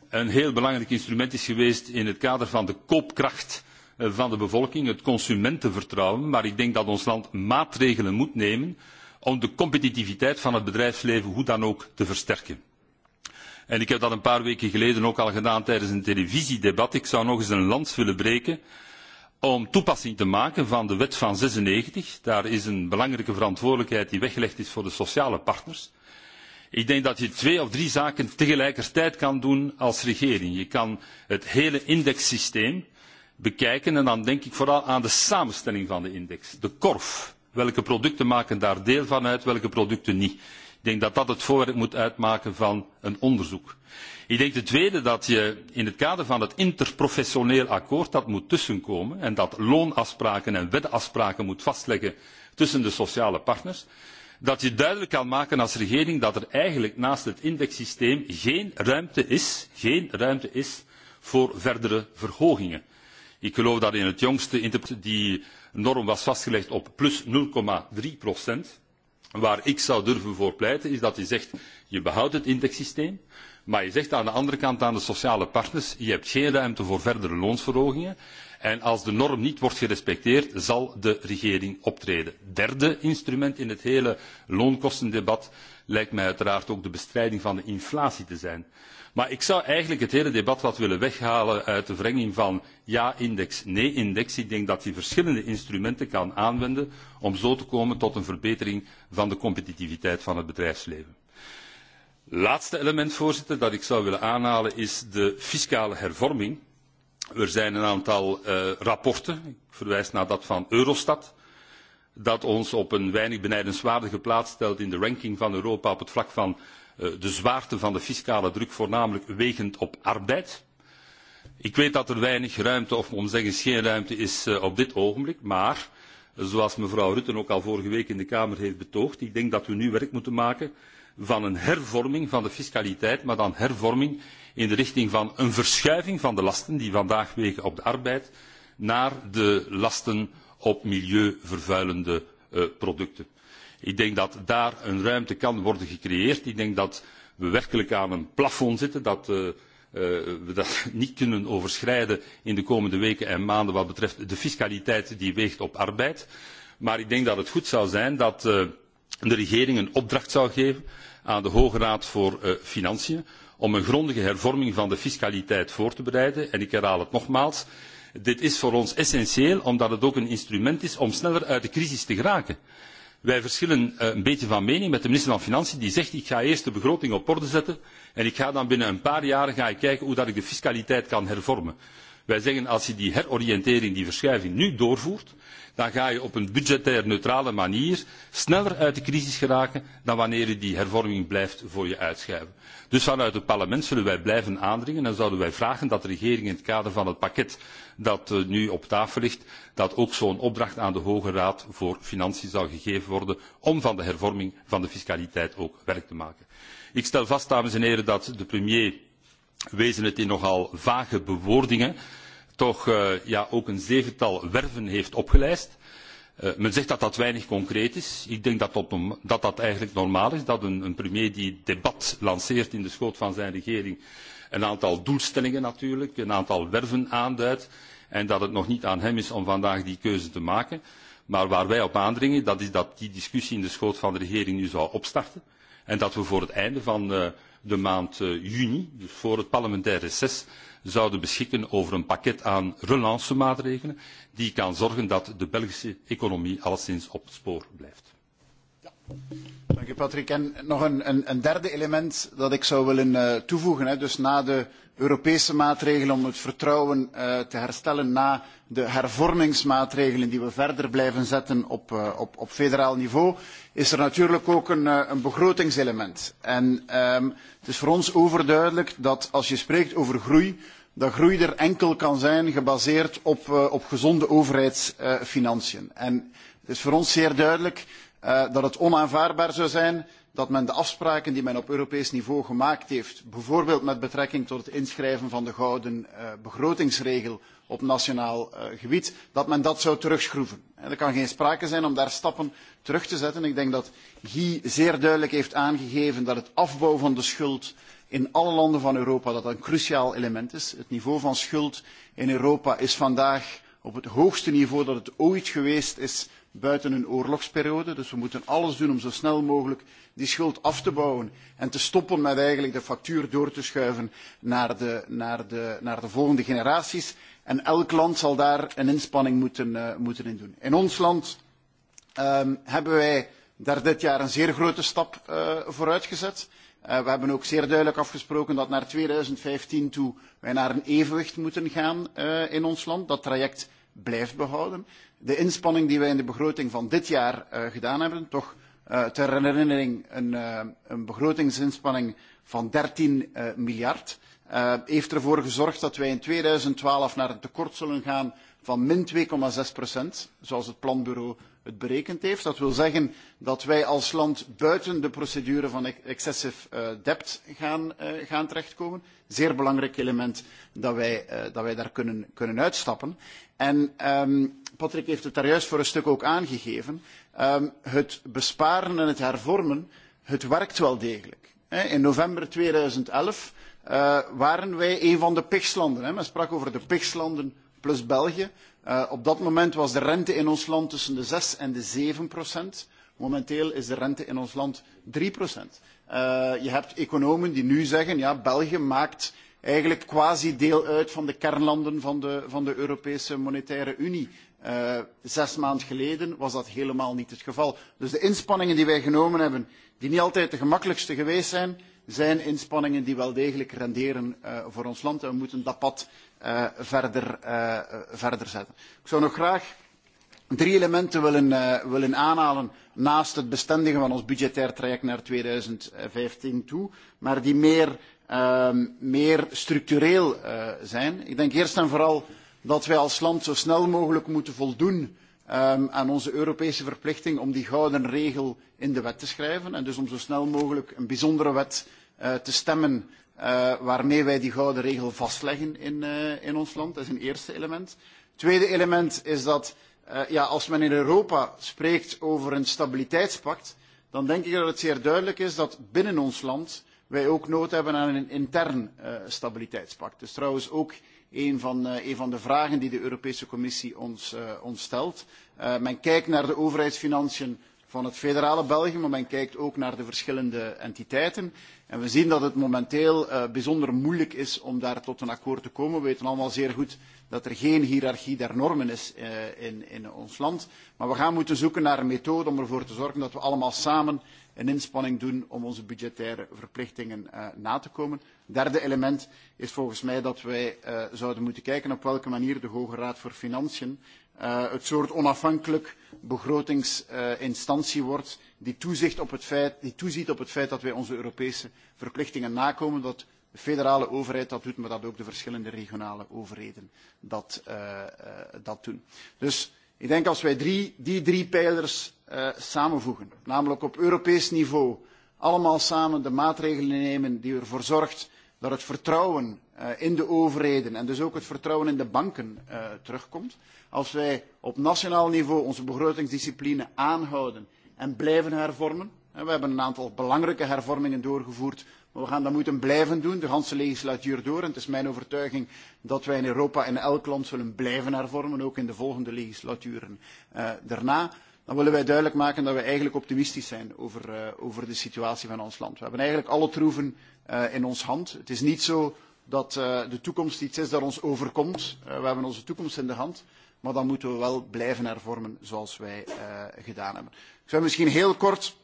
een heel belangrijk instrument is geweest in het kader van de koopkracht Eh, van de bevolking, het consumentenvertrouwen. Maar ik denk dat ons land maatregelen moet nemen om de competitiviteit van het bedrijfsleven hoe dan ook te versterken. En ik heb dat een paar weken geleden ook al gedaan tijdens een televisiedebat. Ik zou nog eens een lans willen breken om toepassing te maken van de wet van 96. Daar is een belangrijke verantwoordelijkheid die weggelegd is voor de sociale partners. Ik denk dat je twee of drie zaken tegelijkertijd kan doen als regering. Je kan het hele indexsysteem bekijken. En dan denk ik vooral aan de samenstelling van de index, de korf. Welke producten maken daar deel van uit, welke producten niet? Ik denk dat dat het voorwerp moet uitmaken van een onderzoek. Ik denk ten de tweede dat je in het kader van het interprofessioneel akkoord dat moet tussenkomen en dat loonafspraken en weddenafspraken moet vastleggen tussen de sociale partners, dat je duidelijk kan maken als regering dat er eigenlijk naast het indexsysteem geen ruimte is, geen ruimte is voor verdere verhogingen. Ik geloof dat in het jongste interpret die norm was vastgelegd op plus 0,3 procent. Waar ik zou durven voor pleiten is dat je zegt, je behoudt het indexsysteem, maar je zegt aan de andere kant aan de sociale partners, je hebt geen ruimte voor verdere loonsverhogingen. En als de norm niet wordt gerespecteerd, zal de regering optreden. Derde instrument in het hele loonkostendebat lijkt mij uiteraard ook de bestrijding van de inflatie te zijn maar ik zou eigenlijk het hele debat wat willen weghalen uit de vermenging van ja index nee index. ik denk dat je verschillende instrumenten kan aanwenden om zo te komen tot een verbetering van de competitiviteit van het bedrijfsleven. laatste element voorzitter dat ik zou willen aanhalen is de fiscale hervorming. er zijn een aantal uh, rapporten ik verwijs naar dat van eurostat dat ons op een weinig benijdenswaardige plaats stelt in de ranking van europa op het vlak van Eh, de zwaarte van de fiscale druk voornamelijk wegend op arbeid. Ik weet dat er weinig ruimte, of om te zeggen geen ruimte, is eh, op dit ogenblik, maar eh, zoals mevrouw Rutten ook al vorige week in de Kamer heeft betoogd, ik denk dat we nu werk moeten maken van een hervorming van de fiscaliteit, maar dan hervorming in de richting van een verschuiving van de lasten die vandaag wegen op de arbeid naar de lasten op milieuvervuilende uh, producten. Ik denk dat daar een ruimte kan worden gecreëerd. Ik denk dat we werkelijk aan een plafond zitten, dat uh, uh, we dat niet kunnen overschrijden in de komende weken en maanden wat betreft de fiscaliteit die weegt op arbeid. Maar ik denk dat het goed zou zijn dat uh, de regering een opdracht zou geven aan de Hoge Raad voor uh, Financiën om een grondige hervorming van de fiscaliteit voor te bereiden. En ik herhaal het nogmaals, dit is voor ons essentieel omdat het ook een instrument is om sneller uit de crisis te geraken. Wij verschillen uh, een beetje van mening met de minister van Financiën die zegt ik ga eerst de begroting op orde zetten en ik ga dan binnen een paar jaar ga ik kijken hoe dat ik de fiscaliteit kan hervormen. Wij zeggen als je die heroriëntering, die verschuiving nu doorvoert dan ga je op een budgettair neutrale manier sneller uit de crisis geraken dan wanneer je die hervorming blijft voor je uitschuiven. Dus vanuit het parlement zullen wij blijven aandringen en zouden wij vragen dat de regering in het kader van het pakket dat uh, nu op tafel ligt, dat ook zo'n opdracht aan de Hoge Raad voor Financiën zou gegeven worden om van de hervorming van de fiscaliteit ook werk te maken. Ik stel vast, dames en heren, dat de premier wezen het in nogal vage bewoordingen toch uh, ja, ook een zevental werven heeft opgeleist. Uh, men zegt dat dat weinig concreet is. Ik denk dat dat, dat, dat eigenlijk normaal is, dat een, een premier die debat lanceert in de schoot van zijn regering een aantal doelstellingen natuurlijk, een aantal werven aanduidt en dat het nog niet aan hem is om vandaag die keuze te maken. Maar waar wij op aandringen, dat is dat die discussie in de schoot van de regering nu zou opstarten en dat we voor het einde van uh, de maand eh, juni, dus voor het parlementair reces, zouden beschikken over een pakket aan relancemaatregelen die kan zorgen dat de Belgische economie alleszins op het spoor blijft. Dank u Patrick. En nog een, een, een derde element dat ik zou willen uh, toevoegen. Hè. Dus na de Europese maatregelen om het vertrouwen uh, te herstellen, na de hervormingsmaatregelen die we verder blijven zetten op, uh, op, op federaal niveau, is er natuurlijk ook een, uh, een begrotingselement. En um, het is voor ons overduidelijk dat als je spreekt over groei, dat groei er enkel kan zijn gebaseerd op, uh, op gezonde overheidsfinanciën. Uh, en het is voor ons zeer duidelijk uh, dat het onaanvaardbaar zou zijn dat men de afspraken die men op Europees niveau gemaakt heeft, bijvoorbeeld met betrekking tot het inschrijven van de gouden uh, begrotingsregel op nationaal uh, gebied, dat men dat zou terugschroeven. En er kan geen sprake zijn om daar stappen terug te zetten. Ik denk dat Guy zeer duidelijk heeft aangegeven dat het afbouw van de schuld in alle landen van Europa dat een cruciaal element is. Het niveau van schuld in Europa is vandaag op het hoogste niveau dat het ooit geweest is buiten een oorlogsperiode. Dus we moeten alles doen om zo snel mogelijk die schuld af te bouwen en te stoppen met eigenlijk de factuur door te schuiven naar de, naar de, naar de volgende generaties. En elk land zal daar een inspanning moeten, uh, moeten in doen. In ons land um, hebben wij daar dit jaar een zeer grote stap uh, vooruit gezet. Uh, we hebben ook zeer duidelijk afgesproken dat naar 2015 toe wij naar een evenwicht moeten gaan uh, in ons land. Dat traject blijft behouden. De inspanning die wij in de begroting van dit jaar uh, gedaan hebben, toch uh, ter herinnering een, uh, een begrotingsinspanning van 13 uh, miljard, uh, heeft ervoor gezorgd dat wij in 2012 naar een tekort zullen gaan van min 2,6 procent, zoals het planbureau het berekend heeft. Dat wil zeggen dat wij als land buiten de procedure van excessive uh, debt gaan, uh, gaan terechtkomen. Zeer belangrijk element dat wij, uh, dat wij daar kunnen, kunnen uitstappen. En um, Patrick heeft het daar juist voor een stuk ook aangegeven. Um, het besparen en het hervormen, het werkt wel degelijk. In november 2011 uh, waren wij een van de pigslanden. Hè. Men sprak over de pigslanden plus België. Uh, op dat moment was de rente in ons land tussen de 6 en de 7 procent. Momenteel is de rente in ons land 3 procent. Uh, je hebt economen die nu zeggen, ja, België maakt eigenlijk quasi deel uit van de kernlanden van de, van de Europese Monetaire Unie. Uh, zes maanden geleden was dat helemaal niet het geval. Dus de inspanningen die wij genomen hebben, die niet altijd de gemakkelijkste geweest zijn, zijn inspanningen die wel degelijk renderen uh, voor ons land. En we moeten dat pad uh, verder, uh, verder zetten. Ik zou nog graag drie elementen willen, uh, willen aanhalen naast het bestendigen van ons budgetair traject naar 2015 toe, maar die meer, uh, meer structureel uh, zijn. Ik denk eerst en vooral dat wij als land zo snel mogelijk moeten voldoen um, aan onze Europese verplichting om die gouden regel in de wet te schrijven en dus om zo snel mogelijk een bijzondere wet uh, te stemmen uh, waarmee wij die gouden regel vastleggen in, uh, in ons land. Dat is een eerste element. Het tweede element is dat uh, ja, als men in Europa spreekt over een stabiliteitspact, dan denk ik dat het zeer duidelijk is dat binnen ons land wij ook nood hebben aan een intern uh, stabiliteitspact. Dus trouwens ook een van, uh, een van de vragen die de Europese Commissie ons, uh, ons stelt. Uh, men kijkt naar de overheidsfinanciën van het federale België, maar men kijkt ook naar de verschillende entiteiten. En we zien dat het momenteel uh, bijzonder moeilijk is om daar tot een akkoord te komen. We weten allemaal zeer goed dat er geen hiërarchie der normen is uh, in, in ons land. Maar we gaan moeten zoeken naar een methode om ervoor te zorgen dat we allemaal samen een inspanning doen om onze budgettaire verplichtingen uh, na te komen. Derde element is volgens mij dat wij uh, zouden moeten kijken op welke manier de Hoge Raad voor Financiën uh, het soort onafhankelijk begrotingsinstantie uh, wordt die, toezicht op het feit, die toeziet op het feit dat wij onze Europese verplichtingen nakomen. Dat de federale overheid dat doet, maar dat ook de verschillende regionale overheden dat, uh, uh, dat doen. Dus Ik denk als wij drie, die drie pijlers uh, samenvoegen, namelijk op Europees niveau allemaal samen de maatregelen nemen die ervoor zorgt dat het vertrouwen uh, in de overheden en dus ook het vertrouwen in de banken uh, terugkomt. Als wij op nationaal niveau onze begrotingsdiscipline aanhouden en blijven hervormen, en we hebben een aantal belangrijke hervormingen doorgevoerd We gaan dat moeten blijven doen, de hele legislatuur door. En het is mijn overtuiging dat wij in Europa in elk land zullen blijven hervormen, ook in de volgende legislaturen uh, daarna. Dan willen wij duidelijk maken dat we eigenlijk optimistisch zijn over, uh, over de situatie van ons land. We hebben eigenlijk alle troeven uh, in ons hand. Het is niet zo dat uh, de toekomst iets is dat ons overkomt. Uh, we hebben onze toekomst in de hand. Maar dan moeten we wel blijven hervormen zoals wij uh, gedaan hebben. Ik zou misschien heel kort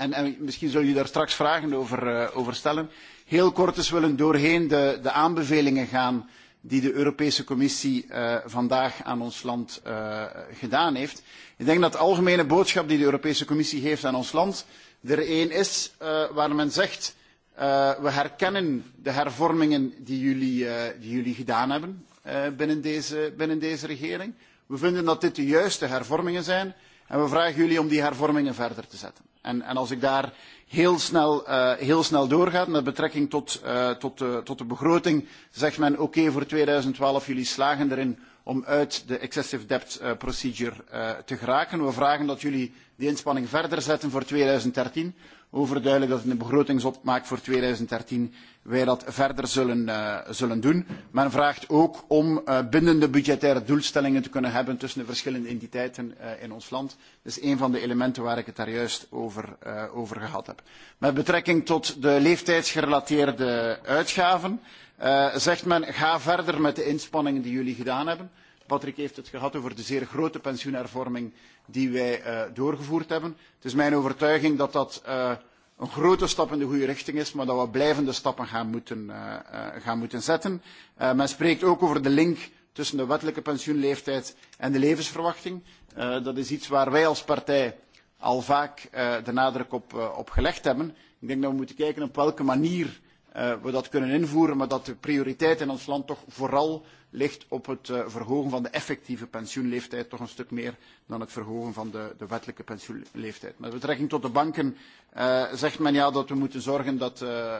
en, en misschien zul je daar straks vragen over, uh, over stellen, heel kort eens willen doorheen de, de aanbevelingen gaan die de Europese Commissie uh, vandaag aan ons land uh, gedaan heeft. Ik denk dat de algemene boodschap die de Europese Commissie heeft aan ons land er een is uh, waar men zegt uh, we herkennen de hervormingen die jullie, uh, die jullie gedaan hebben uh, binnen, deze, binnen deze regering. We vinden dat dit de juiste hervormingen zijn En we vragen jullie om die hervormingen verder te zetten. En, en als ik daar heel snel, uh, heel snel doorga met betrekking tot, uh, tot, de, tot de begroting, zegt men oké okay, voor 2012, jullie slagen erin om uit de excessive debt uh, procedure uh, te geraken. We vragen dat jullie die inspanning verder zetten voor 2013. Overduidelijk dat in de begrotingsopmaak voor 2013 wij dat verder zullen, uh, zullen doen. Men vraagt ook om uh, bindende budgettaire doelstellingen te kunnen hebben tussen de verschillende entiteiten uh, in ons land. Dat is een van de elementen waar ik het daar juist over, uh, over gehad heb. Met betrekking tot de leeftijdsgerelateerde uitgaven uh, zegt men ga verder met de inspanningen die jullie gedaan hebben. Patrick heeft het gehad over de zeer grote pensioenhervorming die wij uh, doorgevoerd hebben. Het is mijn overtuiging dat dat uh, een grote stap in de goede richting is, maar dat we blijvende stappen gaan moeten, uh, uh, gaan moeten zetten. Uh, men spreekt ook over de link tussen de wettelijke pensioenleeftijd en de levensverwachting. Uh, dat is iets waar wij als partij al vaak uh, de nadruk op, uh, op gelegd hebben. Ik denk dat we moeten kijken op welke manier uh, we dat kunnen invoeren, maar dat de prioriteit in ons land toch vooral ligt op het uh, verhogen van de effectieve pensioenleeftijd, toch een stuk meer dan het verhogen van de, de wettelijke pensioenleeftijd. Met betrekking tot de banken uh, zegt men ja dat we moeten zorgen dat uh,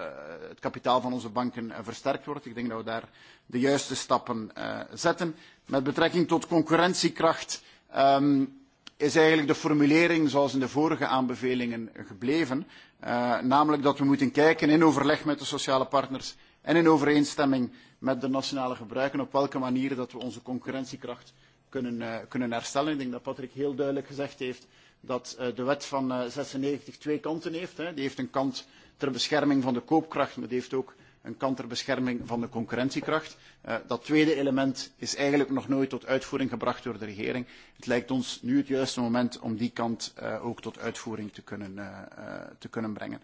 het kapitaal van onze banken uh, versterkt wordt. Ik denk dat we daar de juiste stappen uh, zetten. Met betrekking tot concurrentiekracht um, is eigenlijk de formulering zoals in de vorige aanbevelingen gebleven. Uh, namelijk dat we moeten kijken in overleg met de sociale partners en in overeenstemming met de nationale gebruiken op welke manier dat we onze concurrentiekracht kunnen, uh, kunnen herstellen. Ik denk dat Patrick heel duidelijk gezegd heeft dat uh, de wet van uh, 96 twee kanten heeft. Hè. Die heeft een kant ter bescherming van de koopkracht, maar die heeft ook een kant ter bescherming van de concurrentiekracht. Uh, dat tweede element is eigenlijk nog nooit tot uitvoering gebracht door de regering. Het lijkt ons nu het juiste moment om die kant uh, ook tot uitvoering te kunnen, uh, uh, te kunnen brengen.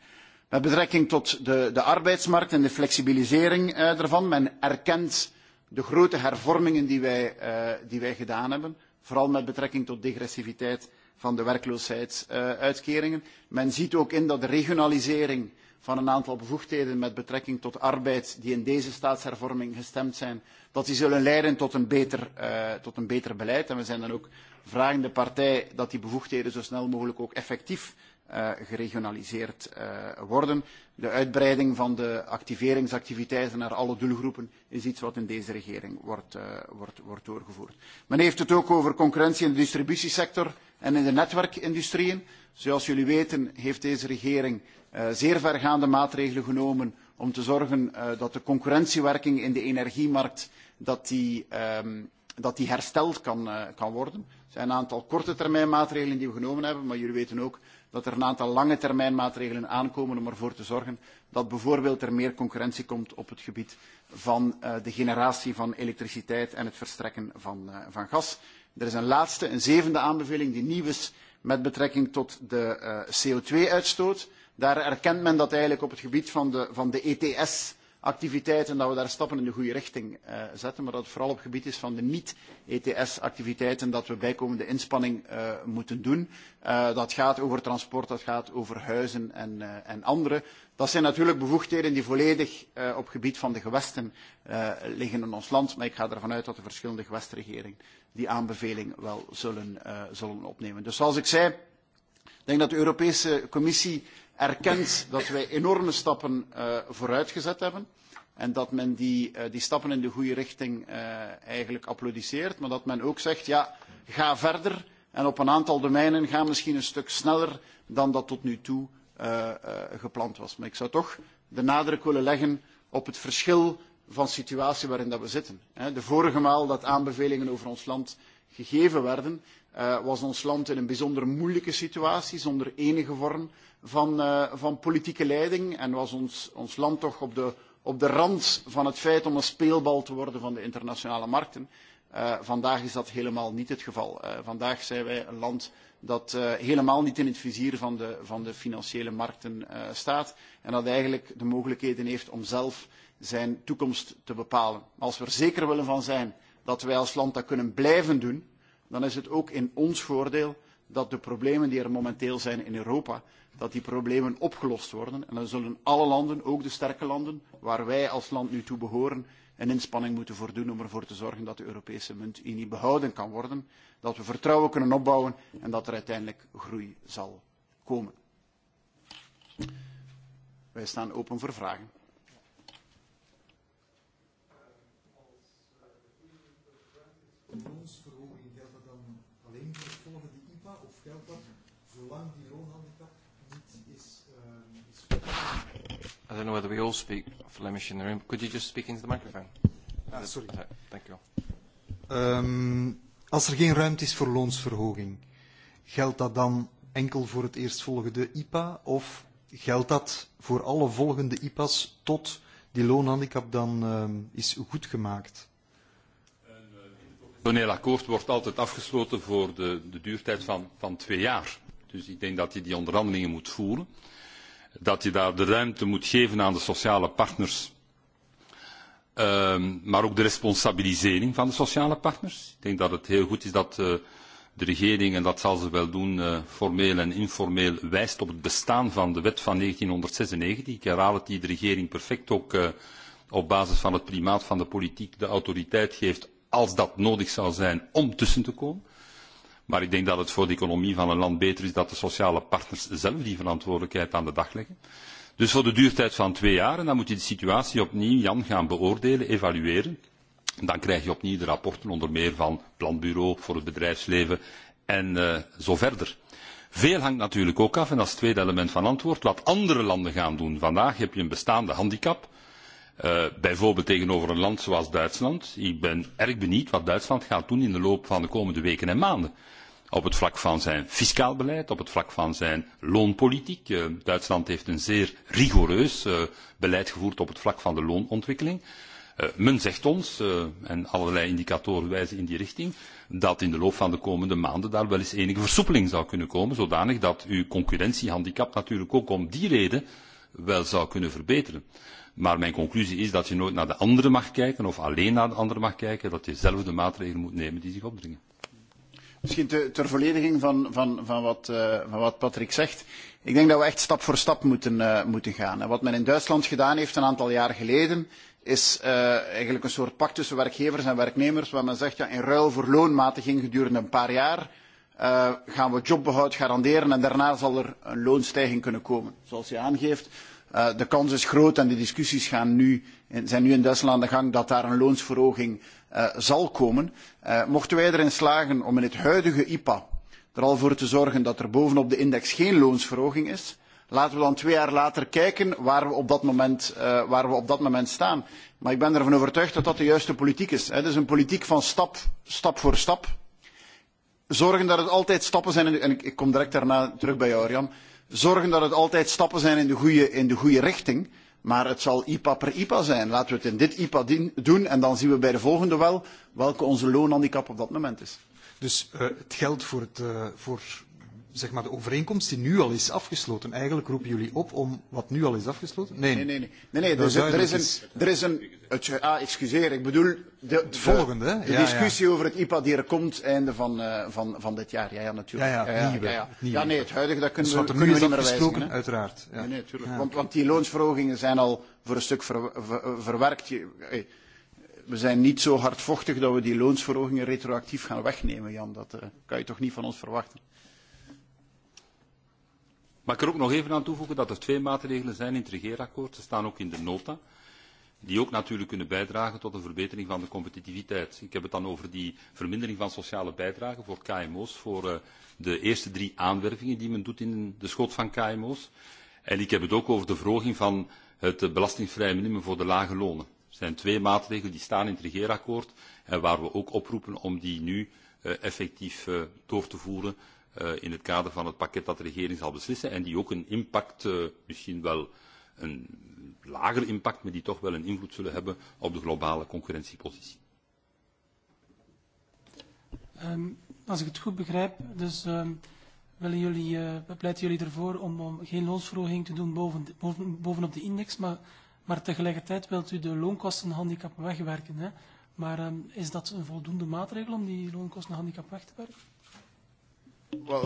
Met betrekking tot de, de arbeidsmarkt en de flexibilisering uh, daarvan, men erkent de grote hervormingen die wij, uh, die wij gedaan hebben, vooral met betrekking tot degressiviteit van de werkloosheidsuitkeringen. Uh, Men ziet ook in dat de regionalisering uh, van een aantal bevoegdheden met betrekking tot arbeid die in deze staatshervorming gestemd zijn, dat die zullen leiden tot een beter, uh, tot een beter beleid. En we zijn dan ook vragende partij dat die bevoegdheden zo snel mogelijk ook effectief uh, geregionaliseerd uh, worden. De uitbreiding van de activeringsactiviteiten naar alle doelgroepen is iets wat in deze regering wordt, uh, wordt, wordt doorgevoerd. Men heeft het ook over concurrentie in de distributiesector en in de netwerkindustrieën. Zoals jullie weten heeft deze regering uh, zeer vergaande maatregelen genomen om te zorgen uh, dat de concurrentiewerking in de energiemarkt dat die, um, dat die hersteld kan, uh, kan worden. Er zijn een aantal korte termijn maatregelen die we genomen hebben, maar jullie weten ook dat er een aantal lange termijn maatregelen aankomen om ervoor te zorgen dat bijvoorbeeld er meer concurrentie komt op het gebied van uh, de generatie van elektriciteit en het verstrekken van, uh, van gas. Er is een laatste, een zevende aanbeveling die nieuw is met betrekking tot de uh, CO2-uitstoot. Daar erkent men dat eigenlijk op het gebied van de, van de ETS activiteiten dat we daar stappen in de goede richting uh, zetten, maar dat het vooral op het gebied is van de niet-ETS-activiteiten dat we bijkomende inspanning uh, moeten doen. Uh, dat gaat over transport, dat gaat over huizen en, uh, en andere. Dat zijn natuurlijk bevoegdheden die volledig uh, op het gebied van de gewesten uh, liggen in ons land, maar ik ga ervan uit dat de verschillende gewestregeringen die aanbeveling wel zullen, uh, zullen opnemen. Dus zoals ik zei, ik denk dat de Europese Commissie uh, erkent dat wij enorme stappen uh, vooruitgezet hebben en dat men die, uh, die stappen in de goede richting uh, eigenlijk applaudisseert, maar dat men ook zegt, ja, ga verder en op een aantal domeinen ga misschien een stuk sneller dan dat tot nu toe uh, uh, gepland was. Maar ik zou toch de nadruk willen leggen op het verschil van situatie waarin dat we zitten. De vorige maal dat aanbevelingen over ons land gegeven werden, uh, was ons land in een bijzonder moeilijke situatie, zonder enige vorm van, uh, van politieke leiding en was ons, ons land toch op de, op de rand van het feit om een speelbal te worden van de internationale markten. Uh, vandaag is dat helemaal niet het geval. Uh, vandaag zijn wij een land dat uh, helemaal niet in het vizier van de, van de financiële markten uh, staat en dat eigenlijk de mogelijkheden heeft om zelf zijn toekomst te bepalen. Als we er zeker willen van zijn dat wij als land dat kunnen blijven doen, dan is het ook in ons voordeel dat de problemen die er momenteel zijn in Europa, dat die problemen opgelost worden. En dan zullen alle landen, ook de sterke landen, waar wij als land nu toe behoren, een inspanning moeten voordoen om ervoor te zorgen dat de Europese muntunie behouden kan worden, dat we vertrouwen kunnen opbouwen en dat er uiteindelijk groei zal komen. Wij staan open voor vragen. Ons verhoging geldt dat dan alleen voor volgende IPA of geldt dat zolang die I don't know whether we all speak Flemish in the room. Could you just speak into the microphone? Ah, sorry. Uh, thank you. Um, als er geen ruimte is voor loonsverhoging, geldt dat dan enkel voor het eerstvolgende IPA of geldt dat voor alle volgende IPA's tot die loonhandicap dan um, is goedgemaakt? Een eh, akkoord wordt altijd afgesloten voor de, de duurtijd van, van twee jaar. Dus ik denk dat je die onderhandelingen moet voeren. Uh, dat je daar de ruimte moet geven aan de sociale partners, uh, maar ook de responsabilisering van de sociale partners. Ik denk dat het heel goed is dat uh, de regering, en dat zal ze wel doen, uh, formeel en informeel wijst op het bestaan van de wet van 1996. Ik herhaal het, die de regering perfect ook uh, op basis van het primaat van de politiek de autoriteit geeft, als dat nodig zou zijn, om tussen te komen. Maar ik denk dat het voor de economie van een land beter is dat de sociale partners zelf die verantwoordelijkheid aan de dag leggen. Dus voor de duurtijd van twee jaar, en dan moet je de situatie opnieuw, Jan, gaan beoordelen, evalueren. Dan krijg je opnieuw de rapporten onder meer van planbureau voor het bedrijfsleven en uh, zo verder. Veel hangt natuurlijk ook af, en dat is het tweede element van antwoord, wat andere landen gaan doen. Vandaag heb je een bestaande handicap Uh, bijvoorbeeld tegenover een land zoals Duitsland. Ik ben erg benieuwd wat Duitsland gaat doen in de loop van de komende weken en maanden. Op het vlak van zijn fiscaal beleid, op het vlak van zijn loonpolitiek. Uh, Duitsland heeft een zeer rigoureus uh, beleid gevoerd op het vlak van de loonontwikkeling. Uh, men zegt ons, uh, en allerlei indicatoren wijzen in die richting, dat in de loop van de komende maanden daar wel eens enige versoepeling zou kunnen komen, zodanig dat uw concurrentiehandicap natuurlijk ook om die reden wel zou kunnen verbeteren. Uh, Maar mijn conclusie is dat je nooit naar de anderen mag kijken of alleen naar de anderen mag kijken, dat je zelf de maatregelen moet nemen die zich opdringen. Misschien te, ter verlediging van, van, van, wat, uh, van wat Patrick zegt. Ik denk dat we echt stap voor stap moeten, uh, moeten gaan. En wat men in Duitsland gedaan heeft een aantal jaar geleden, is uh, eigenlijk een soort pact tussen werkgevers en werknemers, waar men zegt, ja, in ruil voor loonmatiging gedurende een paar jaar uh, gaan we jobbehoud garanderen en daarna zal er een loonstijging kunnen komen. Zoals je aangeeft, Uh, de kans is groot en de discussies gaan nu, zijn nu in Duitsland aan de gang dat daar een loonsverhoging uh, zal komen. Uh, mochten wij erin slagen om in het huidige IPA er al voor te zorgen dat er bovenop de index geen loonsverhoging is, laten we dan twee jaar later kijken waar we op dat moment, uh, waar we op dat moment staan. Maar ik ben ervan overtuigd dat dat de juiste politiek is. Het is een politiek van stap, stap voor stap. Zorgen dat het altijd stappen zijn. En ik, ik kom direct daarna terug bij jou, Jan zorgen dat het altijd stappen zijn in de goede, in de goede richting. Maar het zal IPA per IPA zijn. Laten we het in dit IPA dien, doen en dan zien we bij de volgende wel welke onze loonhandicap op dat moment is. Dus uh, het geld voor, het, uh, voor zeg maar, de overeenkomst die nu al is afgesloten. Eigenlijk roepen jullie op om wat nu al is afgesloten? Nee, nee, nee. nee. nee, nee er, er is, er is een... Er is een het, ah, excuseer, ik bedoel... De, de, de volgende, hè? De ja, discussie ja. over het IPA die er komt, einde van, uh, van, van dit jaar. Ja, ja, natuurlijk. Ja, ja, het nieuwe. Ja, ja. Het nieuwe. ja nee, het huidige, dat kunnen dus we, er kunnen nu we niet meer wijzigen. Hè? uiteraard. Ja. Nee, nee, natuurlijk. Ja, want, want die loonsverhogingen zijn al voor een stuk ver, ver, verwerkt. Hey, we zijn niet zo hardvochtig dat we die loonsverhogingen retroactief gaan wegnemen, Jan. Dat uh, kan je toch niet van ons verwachten. Maar ik kan er ook nog even aan toevoegen dat er twee maatregelen zijn in het regeerakkoord. Ze staan ook in de nota. Die ook natuurlijk kunnen bijdragen tot een verbetering van de competitiviteit. Ik heb het dan over die vermindering van sociale bijdragen voor KMO's. Voor uh, de eerste drie aanwervingen die men doet in de schot van KMO's. En ik heb het ook over de verhoging van het belastingvrij minimum voor de lage lonen. Dat er zijn twee maatregelen die staan in het regeerakkoord en waar we ook oproepen om die nu eh, effectief eh, door te voeren uh, in het kader van het pakket dat de regering zal beslissen en die ook een impact, uh, misschien wel een lager impact, maar die toch wel een invloed zullen hebben op de globale concurrentiepositie. Um, als ik het goed begrijp, dus um, willen jullie, uh, pleiten jullie ervoor om, om geen loonsverhoging te doen boven de, boven, bovenop de index, maar, maar tegelijkertijd wilt u de loonkostenhandicap wegwerken. Hè? Maar um, is dat een voldoende maatregel om die loonkostenhandicap weg te werken?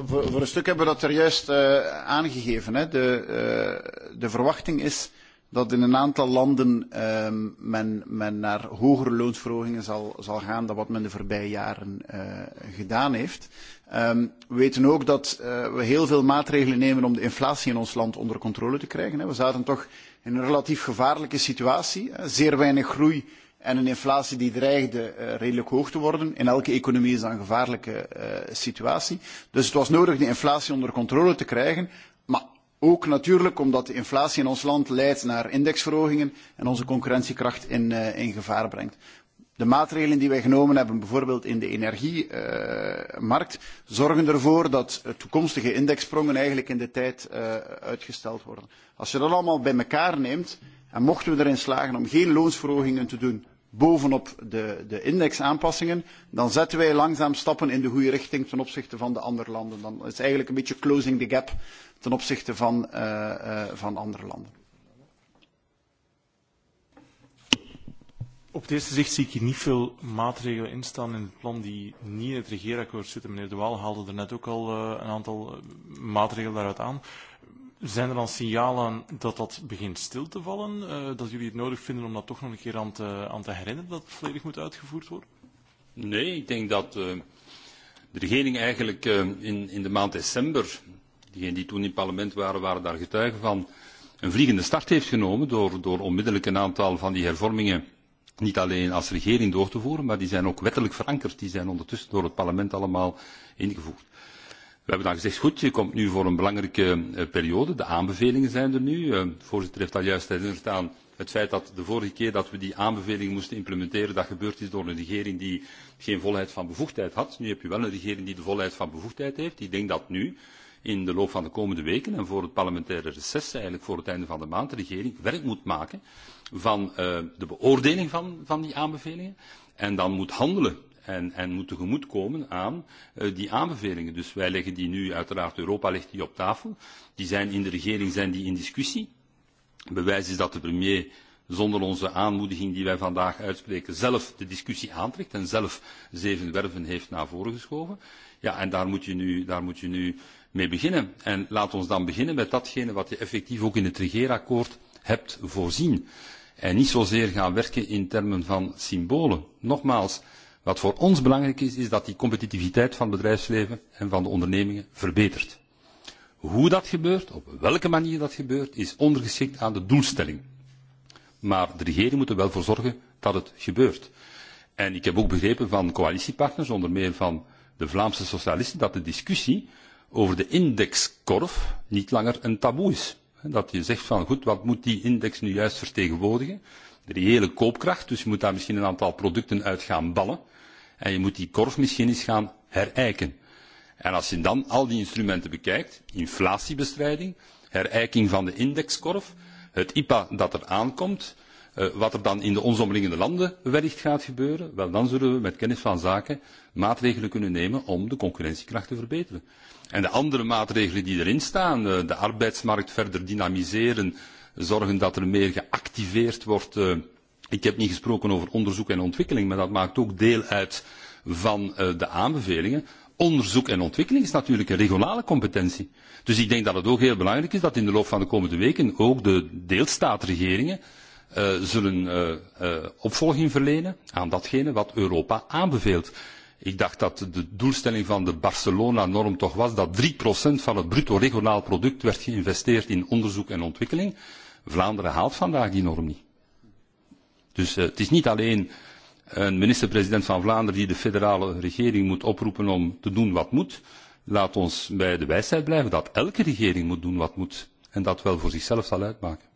Voor een stuk hebben we dat er juist uh, aangegeven. Hè. De, uh, de verwachting is dat in een aantal landen uh, men, men naar hogere loonsverhogingen zal, zal gaan dan wat men de voorbije jaren uh, gedaan heeft. Um, we weten ook dat uh, we heel veel maatregelen nemen om de inflatie in ons land onder controle te krijgen. Hè. We zaten toch in een relatief gevaarlijke situatie. Hè. Zeer weinig groei en een inflatie die dreigde uh, redelijk hoog te worden. In elke economie is dat een gevaarlijke uh, situatie. Dus het was nodig die inflatie onder controle te krijgen. Maar ook natuurlijk omdat de inflatie in ons land leidt naar indexverhogingen en onze concurrentiekracht in, uh, in gevaar brengt. De maatregelen die wij genomen hebben, bijvoorbeeld in de energiemarkt, uh, zorgen ervoor dat er toekomstige indexsprongen eigenlijk in de tijd uh, uitgesteld worden. Als je dat allemaal bij elkaar neemt, en mochten we erin slagen om geen loonsverhogingen te doen bovenop de, de indexaanpassingen, dan zetten wij langzaam stappen in de goede richting ten opzichte van de andere landen. Dan is het eigenlijk een beetje closing the gap ten opzichte van, uh, uh, van andere landen. Op het eerste zicht zie ik hier niet veel maatregelen in staan in het plan die niet in het regeerakkoord zitten. Meneer De Waal haalde er net ook al uh, een aantal maatregelen daaruit aan. Zijn er dan signalen dat dat begint stil te vallen? Uh, dat jullie het nodig vinden om dat toch nog een keer aan te, aan te herinneren dat het volledig moet uitgevoerd worden? Nee, ik denk dat uh, de regering eigenlijk uh, in, in de maand december, diegenen die toen in het parlement waren, waren daar getuige van, een vliegende start heeft genomen door, door onmiddellijk een aantal van die hervormingen niet alleen als regering door te voeren, maar die zijn ook wettelijk verankerd. Die zijn ondertussen door het parlement allemaal ingevoerd hebben dan gezegd, goed, je komt nu voor een belangrijke eh, periode. De aanbevelingen zijn er nu. De eh, voorzitter heeft al juist herinnerd aan het feit dat de vorige keer dat we die aanbevelingen moesten implementeren, dat gebeurd is door een regering die geen volheid van bevoegdheid had. Nu heb je wel een regering die de volheid van bevoegdheid heeft. Ik denk dat nu, in de loop van de komende weken en voor het parlementaire reces, eigenlijk voor het einde van de maand, de regering werk moet maken van uh, de beoordeling van, van die aanbevelingen en dan moet handelen en, en moet tegemoetkomen aan uh, die aanbevelingen. Dus wij leggen die nu uiteraard, Europa legt die op tafel. Die zijn in de regering zijn die in discussie. Bewijs is dat de premier zonder onze aanmoediging die wij vandaag uitspreken zelf de discussie aantrekt en zelf zeven werven heeft naar voren geschoven. Ja, en daar moet je nu, daar moet je nu mee beginnen. En laat ons dan beginnen met datgene wat je effectief ook in het regeerakkoord hebt voorzien. En niet zozeer gaan werken in termen van symbolen. Nogmaals, Wat voor ons belangrijk is, is dat die competitiviteit van het bedrijfsleven en van de ondernemingen verbetert. Hoe dat gebeurt, op welke manier dat gebeurt, is ondergeschikt aan de doelstelling. Maar de regeringen moeten er wel voor zorgen dat het gebeurt. En ik heb ook begrepen van coalitiepartners, onder meer van de Vlaamse socialisten, dat de discussie over de indexkorf niet langer een taboe is. Dat je zegt van goed, wat moet die index nu juist vertegenwoordigen? De reële koopkracht, dus je moet daar misschien een aantal producten uit gaan ballen En je moet die korf misschien eens gaan herijken. En als je dan al die instrumenten bekijkt, inflatiebestrijding, herijking van de indexkorf, het IPA dat er aankomt, uh, wat er dan in de ons omringende landen wellicht gaat gebeuren, wel dan zullen we met kennis van zaken maatregelen kunnen nemen om de concurrentiekracht te verbeteren. En de andere maatregelen die erin staan, uh, de arbeidsmarkt verder dynamiseren, zorgen dat er meer geactiveerd wordt uh, Ik heb niet gesproken over onderzoek en ontwikkeling, maar dat maakt ook deel uit van uh, de aanbevelingen. Onderzoek en ontwikkeling is natuurlijk een regionale competentie. Dus ik denk dat het ook heel belangrijk is dat in de loop van de komende weken ook de deelstaatregeringen uh, zullen uh, uh, opvolging verlenen aan datgene wat Europa aanbeveelt. Ik dacht dat de doelstelling van de Barcelona-norm toch was dat 3% van het bruto regionaal product werd geïnvesteerd in onderzoek en ontwikkeling. Vlaanderen haalt vandaag die norm niet. Dus uh, het is niet alleen een minister-president van Vlaanderen die de federale regering moet oproepen om te doen wat moet. Laat ons bij de wijsheid blijven dat elke regering moet doen wat moet en dat wel voor zichzelf zal uitmaken.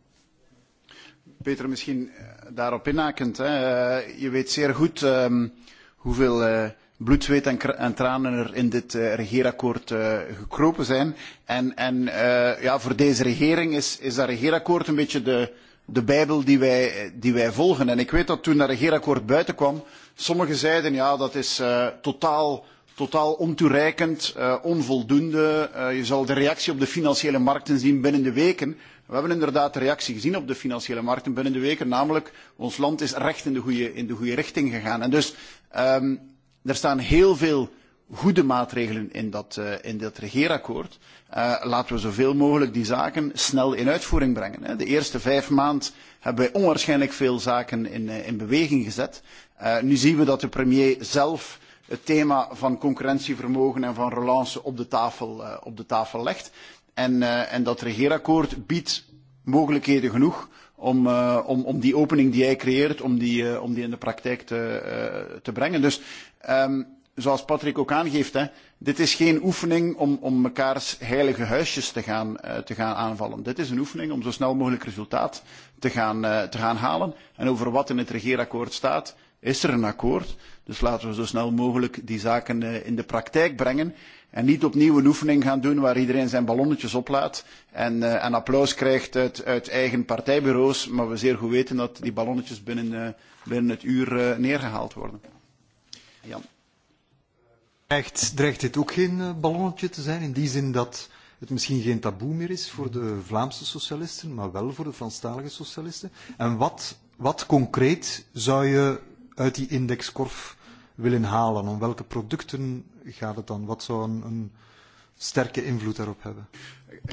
Peter, misschien eh, daarop inhakend. Hè. Eh, je weet zeer goed um, hoeveel uh, bloed, zweet en, en tranen er in dit uh, regeerakkoord uh, gekropen zijn. En, en uh, ja, voor deze regering is, is dat regeerakkoord een beetje de, uh, de Bijbel die wij, die wij volgen. En ik weet dat toen dat er regeerakkoord buiten kwam, sommigen zeiden ja, dat is uh, totaal, totaal ontoereikend, uh, onvoldoende. Uh, je zal de reactie op de financiële markten zien binnen de weken. We hebben inderdaad de reactie gezien op de financiële markten binnen de weken, namelijk ons land is recht in de goede, in de goede richting gegaan. En dus um, er staan heel veel goede maatregelen in dat, uh, in dat regeerakkoord. Uh, laten we zoveel mogelijk die zaken snel in uitvoering brengen. Hè. De eerste vijf maanden hebben wij onwaarschijnlijk veel zaken in, uh, in beweging gezet. Uh, nu zien we dat de premier zelf het thema van concurrentievermogen en van relance op de tafel, uh, op de tafel legt. En, uh, en dat regeerakkoord biedt mogelijkheden genoeg om, uh, om, om die opening die hij creëert, om die, uh, om die in de praktijk te, uh, te brengen. Dus um, zoals Patrick ook aangeeft, hè, dit is geen oefening om, om mekaars heilige huisjes te gaan, uh, te gaan aanvallen. Dit is een oefening om zo snel mogelijk resultaat te gaan, uh, te gaan halen. En over wat in het regeerakkoord staat, is er een akkoord. Dus laten we zo snel mogelijk die zaken uh, in de praktijk brengen. En niet opnieuw een oefening gaan doen waar iedereen zijn ballonnetjes oplaat en, uh, en applaus krijgt uit, uit eigen partijbureaus, maar we zeer goed weten dat die ballonnetjes binnen, uh, binnen het uur uh, neergehaald worden. Jan. Echt, dreigt dit ook geen eh, ballonnetje te zijn, in die zin dat het misschien geen taboe meer is voor de Vlaamse socialisten, maar wel voor de Franstalige socialisten? En wat, wat concreet zou je uit die indexkorf willen halen? Om welke producten gaat het dan? Wat zou een, een sterke invloed daarop hebben?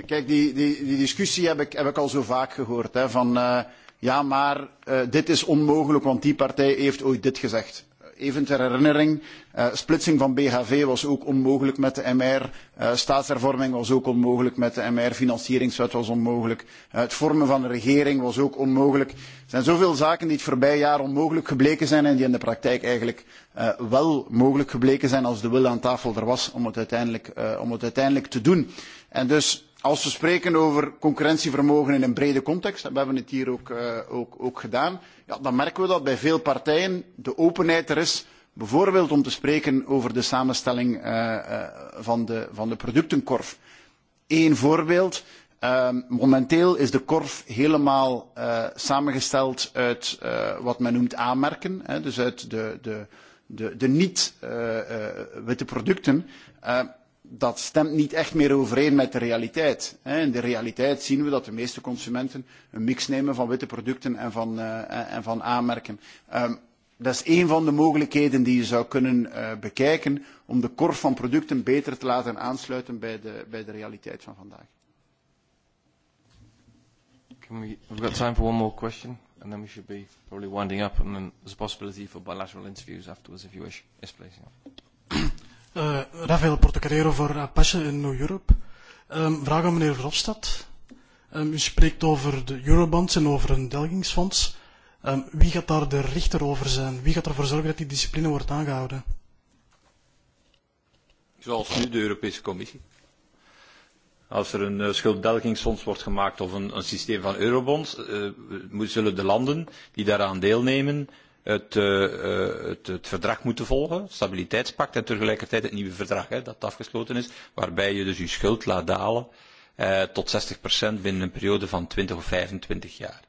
Kijk, die, die, die discussie heb ik, heb ik al zo vaak gehoord. Hè, van, uh, ja, maar uh, dit is onmogelijk, want die partij heeft ooit dit gezegd. Eh, even ter herinnering, uh, splitsing van BHV was ook onmogelijk met de MR, uh, eh, staatshervorming was ook onmogelijk met de MR, financieringswet was onmogelijk, uh, het vormen van een regering was ook onmogelijk. Er zijn zoveel zaken die het voorbije jaar onmogelijk gebleken zijn en die in de praktijk eigenlijk uh, wel mogelijk gebleken zijn als de wil aan tafel er was om het uiteindelijk, uh, om het uiteindelijk te doen. En dus Als we spreken over concurrentievermogen in een brede context, en we hebben het hier ook, uh, ook, ook gedaan, ja, dan merken we dat bij veel partijen de openheid er is, bijvoorbeeld om te spreken over de samenstelling uh, uh, van, de, van de productenkorf. Eén voorbeeld. Uh, momenteel is de korf helemaal uh, samengesteld uit uh, wat men noemt aanmerken, hè, dus uit de, de, de, de niet-witte uh, uh, producten. Uh, dat stemt niet echt meer overeen met de realiteit. In de realiteit zien we dat de meeste consumenten een mix nemen van witte producten en van, uh, en van aanmerken. Um, dat is een van de mogelijkheden die je zou kunnen uh, bekijken om de korf van producten beter te laten aansluiten bij de, bij de realiteit van vandaag. Can we, we've got time for one more question and then we should be probably winding up and then there's a possibility for bilateral interviews afterwards if you wish. Yes, please. Yeah. Uh, Rafael Portocarrero voor Apache in New Europe. Um, vraag aan meneer Verhofstadt. Um, u spreekt over de eurobonds en over een delgingsfonds. Um, wie gaat daar de richter over zijn? Wie gaat ervoor zorgen dat die discipline wordt aangehouden? Zoals nu de Europese Commissie. Als er een uh, schulddelgingsfonds wordt gemaakt of een, een systeem van eurobonds, uh, zullen de landen die daaraan deelnemen uh, het, uh, het, het verdrag moeten volgen, het stabiliteitspact en tegelijkertijd het nieuwe verdrag hè, dat afgesloten is, waarbij je dus je schuld laat dalen uh, tot 60% binnen een periode van 20 of 25 jaar.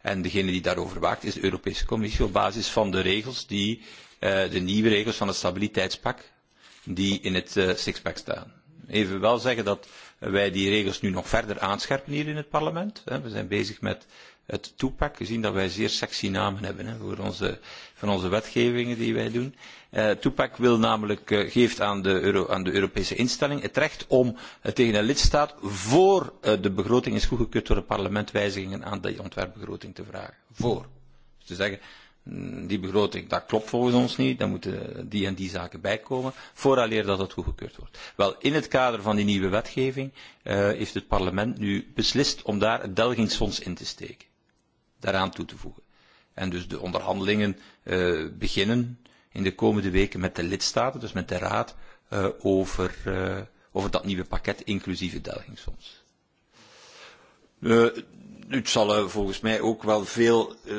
En degene die daarover waakt is de Europese Commissie op basis van de regels die, uh, de nieuwe regels van het stabiliteitspact die in het uh, sixpack staan. Even wel zeggen dat wij die regels nu nog verder aanscherpen hier in het parlement. Hè. We zijn bezig met het toepak, gezien dat wij zeer sexy namen hebben hè, voor, onze, voor onze wetgevingen die wij doen. Uh, toepak wil namelijk, uh, geeft aan de, Euro, aan de Europese instelling het recht om uh, tegen een lidstaat voor uh, de begroting is goedgekeurd door het parlement wijzigingen aan die ontwerpbegroting te vragen. Voor. Dus te zeggen, mm, die begroting, dat klopt volgens ons niet, daar moeten die en die zaken bijkomen, vooraleer dat het goedgekeurd wordt. Wel, in het kader van die nieuwe wetgeving uh, heeft het parlement nu beslist om daar het delgingsfonds in te steken daaraan toe te voegen. En dus de onderhandelingen uh, beginnen in de komende weken met de lidstaten, dus met de Raad, uh, over, uh, over dat nieuwe pakket, inclusief het Delgingsfonds. Uh, Nu, het zal uh, volgens mij ook wel veel, uh,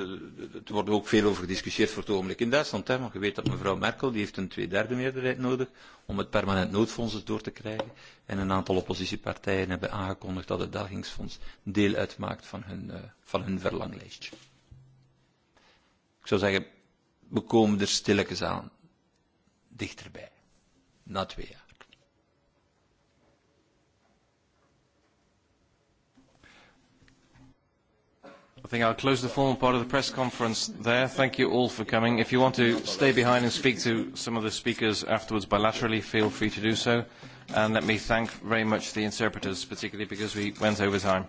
er wordt ook veel over gediscussieerd voor het ogenblik in Duitsland. Hè, want je weet dat mevrouw Merkel, die heeft een tweederde meerderheid nodig om het permanent noodfonds door te krijgen. En een aantal oppositiepartijen hebben aangekondigd dat het dagingsfonds deel uitmaakt van hun, uh, van hun verlanglijstje. Ik zou zeggen, we komen er stilletjes aan dichterbij. Na twee jaar. I think I'll close the formal part of the press conference there. Thank you all for coming. If you want to stay behind and speak to some of the speakers afterwards bilaterally, feel free to do so. And let me thank very much the interpreters, particularly because we went over time.